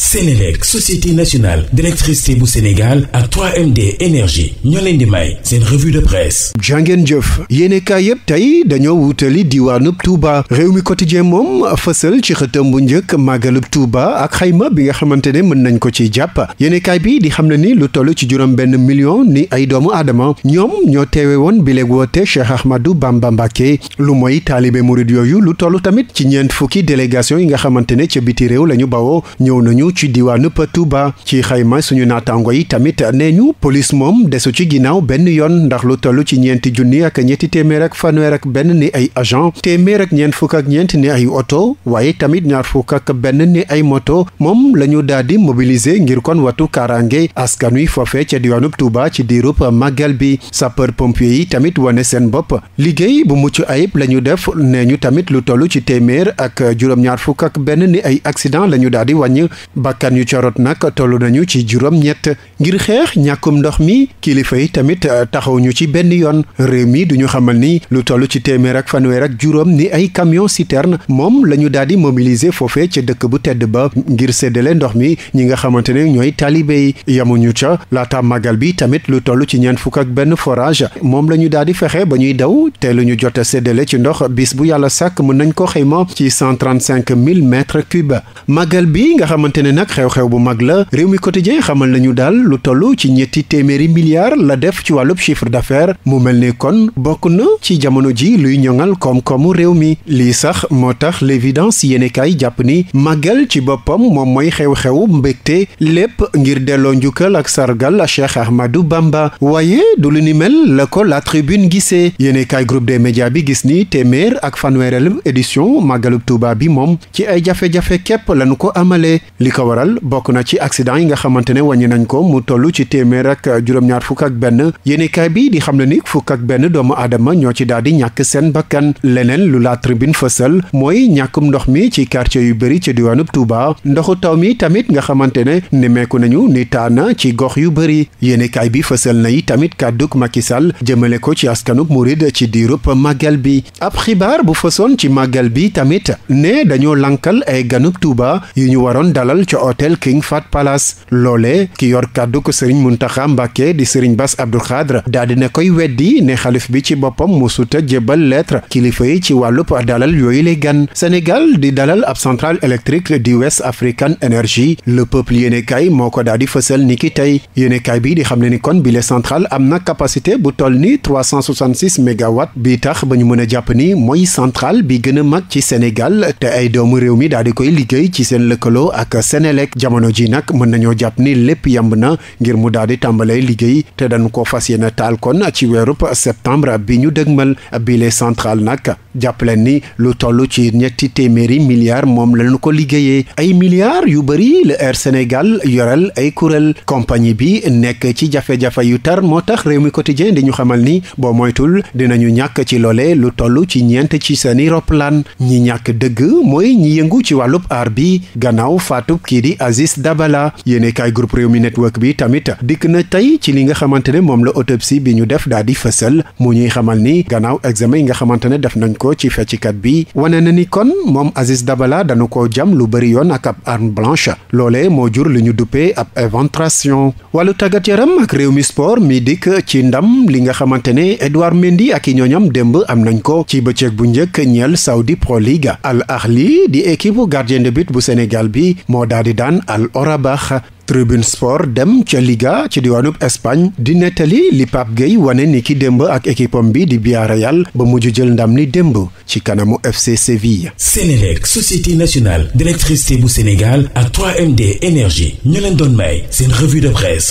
Sénélec société nationale d'électricité bu Sénégal ak 3MD énergie ñoo di may seen de presse jàngeen jëf yéenekaay yépp tey dañoo wutali diwaanub Touba réew mi quotidien moom fësal ci xëtam bu njëkk màggalub Touba ak xayma bi nga xamante ne mën nañ ko ci jàpp yéenekaay bi di xam ne ni lu toll ci juróom benn million ni ay doomu aadama ñoom ñoo teewe woon bileeg woote Cheikh Ahmadou Bamba Mbacké lu mooy taalibe murid yooyu lu toll tamit ci ñeent fukki délégation yi nga xamante ne ca biti réew la ñu bawoo ñëw nañu ñëw ci diwaanu Touba ci xayma suñu naataango yi tamit nee ñu police moom desu ci ginnaaw benn yoon ndax lu tollu ci ñeenti junni ak ñetti téeméer ak fanweer ak benn ni ay agent téeméer ak ñeent fukk ak ñeent ni ay oto waaye tamit ñaar fukk ak benn ni ay moto moom la ñu daal di mobiliser ngir kon watu kaaraange askan wi foofee ca diwaanub Touba ci diirub màggal bi sapeur pompier yi tamit wane seen bopp liggéey bu mucc ayib la ñu def nee ñu tamit lu tollu ci téeméer ak juróom-ñaar benn ni ay accident lañu ñu daal di wàññi bakkan yu corot nag tollu nañu ci juróom-ñett ngir xeex ñàkkum ndox mi kilifa yi tamit euh, taxawuñu ci benn yoon réew mii duñu xamal ni lu toll ci téeméer ak fanweer ak juróom ni ay camion citerne moom la ñu daal di mobiliser foofee ca dëkk bu tedd ba ngir séddale ndox mi ñi nga xamante ne ñooy taalibe yi yamuñu ca laata màggal bi tamit lu toll ci ñeent fukk ak benn forage moom la ñu daal di fexe ba ñuy daw te lu ñu jot a séddale ci ndox bis bu yàlla sàkk mën nañ ko xayma ci 135 000 mètres cubes xamante ne nag xew-xew bu mag la réew mi quotidien xamal nañu daal lu toll ci ñetti téeméeri milliards la def ci wàllub chiffre d'affaires mu mel ni kon bokk na ci jamono ji luy ñoŋal koom-koomu réew mi lii sax moo tax l'évidence yéene kaay jàpp ni màggal ci boppam moom mooy xew-xew mbégte lépp ngir delloo njukkal ak sargal Cheikh Ahmadou Bamba waaye du lu ni mel la ko la tribune gisee yéene groupe des médias bi gis ni téeméer ak fanweerelu édition màggalub Touba bi moom ci ay jafe képp lañu ko li ko waral bokk na ci accident yi nga xamante ne wàññi nañ ko mu tollu ci téeméer ak juróom fukk ak benn yéenekaay bi di xam ne ni fukk ak benn doomu aadama ñoo ci daal di ñàkk seen bakkan leneen lu la tribune fësal mooy ñàkkum ndox mi ci quartier yu bëri ci diwaanub tuuba ndoxu taw mi tamit nga xamante ne nemmeeku nañu ni taana ci gox yu bëri yéenekaay bi fësal na yi tamit kàdduk Macky Sall jëmale ko ci askanub murid ci diirub màggel bi ab xibaar bu fësoon ci màggal bi tamit ne dañoo lankal ay ganub Touba amal ca hôtel King Fat Palace loole ki yor kàddu ko sëriñ Muntaxa Mbàkke di sëriñ Bass Abdou Khadre daal ne koy weddi ne xalif bi ci boppam musuta jébbal lettre kilifa yi ci wàllub dalal yooyu lay gan Sénégal di dalal ab centrale électrique di West African Energy le peuple yéenekaay moo ko daal di fësal ni ki tey yéenekaay bi di xam ne ni kon bile centrale am na capacité bu toll ni 366 mégawatts bi tax ba ñu mën a jàpp ni mooy centrale bi gën a mag ci Sénégal te ay doomu réew mi daal di koy liggéey ci seen lëkkaloo Senelec jamono ji nag mën nañoo jàpp ni lépp yemb na ngir mu daal di tàmbalee liggéey te dañu ko fas yéene taal kon ci weerub septembre bi ñu dëgmal bile centrale nag jàpp leen ni lu toll ci ñetti téeméeri milliards moom lañu ko liggéeyee ay milliards yu bëri le Air Sénégal yorel ay kuréel compagnie bi nekk ci jafe-jafe yu tar moo tax réew mi quotidien di ñu xamal ni boo moytul dinañu ñàkk ci loole lu toll ci ñeent ci seeni roplaan ñi ñàkk dëgg mooy ñi yëngu ci wàllub aar bi kii di Aziz Dabala yéene group groupe Rewmi Network bi tamit dikk na tey ci li nga xamante ne moom la autopsie bi ñu def daal di fësal mu ñuy xamal ni gannaaw examen yi nga xamante ne def nañ ko ci fecc kat bi wane na ni kon moom Aziz Dabala danu ko jam lu bëri yoon ak ab arme blanche loole moo jur lu ñu duppee ab éventration wàllu tàggat yaram ak Rewmi Sport mi dikk ci ndam li nga xamante ne Edouard Mendy ak i ñooñam démb am nañ ko ci bëccëg bu njëkk ñeel Saudi Pro League Al Ahli di équipe gardien de but bu Sénégal bi daal di daan Al Orabah Tribune Sport dem ca Liga ci diwaanub Espagne di nettali li Pape Gueye wane ni ki démb ak équipam bi di Villarreal ba mujj jël ndam li démb ci kanamu FC Séville. Sénélec société nationale d'électricité bu Sénégal ak 3MD énergie ñu leen doon may seen revue de presse.